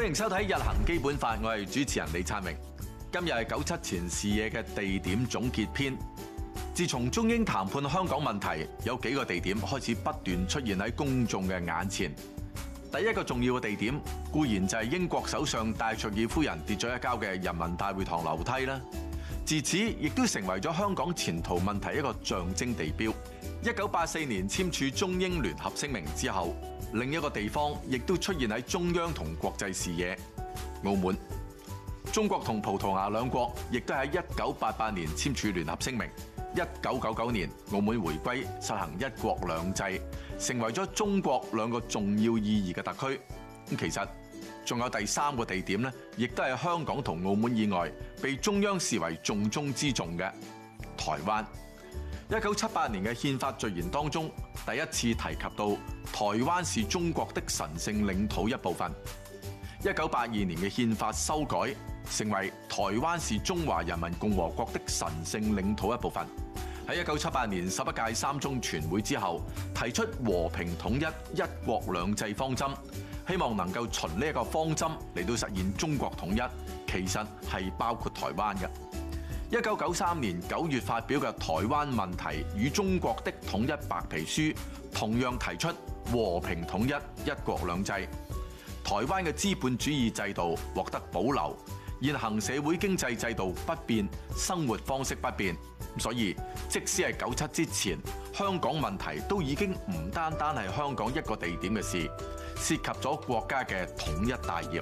歡迎收睇《日行基本法》，我係主持人李燦明。今日係九七前視野嘅地點總結篇。自從中英談判香港問題，有幾個地點開始不斷出現喺公眾嘅眼前。第一個重要嘅地點，固然就係英國首相戴卓爾夫人跌咗一跤嘅人民大會堂樓梯啦。自此，亦都成為咗香港前途問題一個象徵地標。一九八四年簽署中英聯合聲明之後，另一個地方亦都出現喺中央同國際視野。澳門，中國同葡萄牙兩國亦都喺一九八八年簽署聯合聲明。一九九九年，澳門回歸，實行一國兩制，成為咗中國兩個重要意義嘅特區。咁其實仲有第三個地點咧亦都係香港同澳門以外，被中央視為重中之重嘅台灣。一九七八年嘅憲法序言當中，第一次提及到台灣是中國的神聖領土一部分。一九八二年嘅憲法修改，成為台灣是中華人民共和國的神聖領土一部分。喺一九七八年十一屆三中全會之後，提出和平統一、一國兩制方針。希望能夠循呢一個方針嚟到實現中國統一，其實係包括台灣嘅。一九九三年九月發表嘅《台灣問題與中國的統一白皮書》，同樣提出和平統一、一國兩制。台灣嘅資本主義制度獲得保留，現行社會經濟制度不變，生活方式不變。所以，即使係九七之前，香港問題都已經唔單單係香港一個地點嘅事，涉及咗國家嘅統一大業。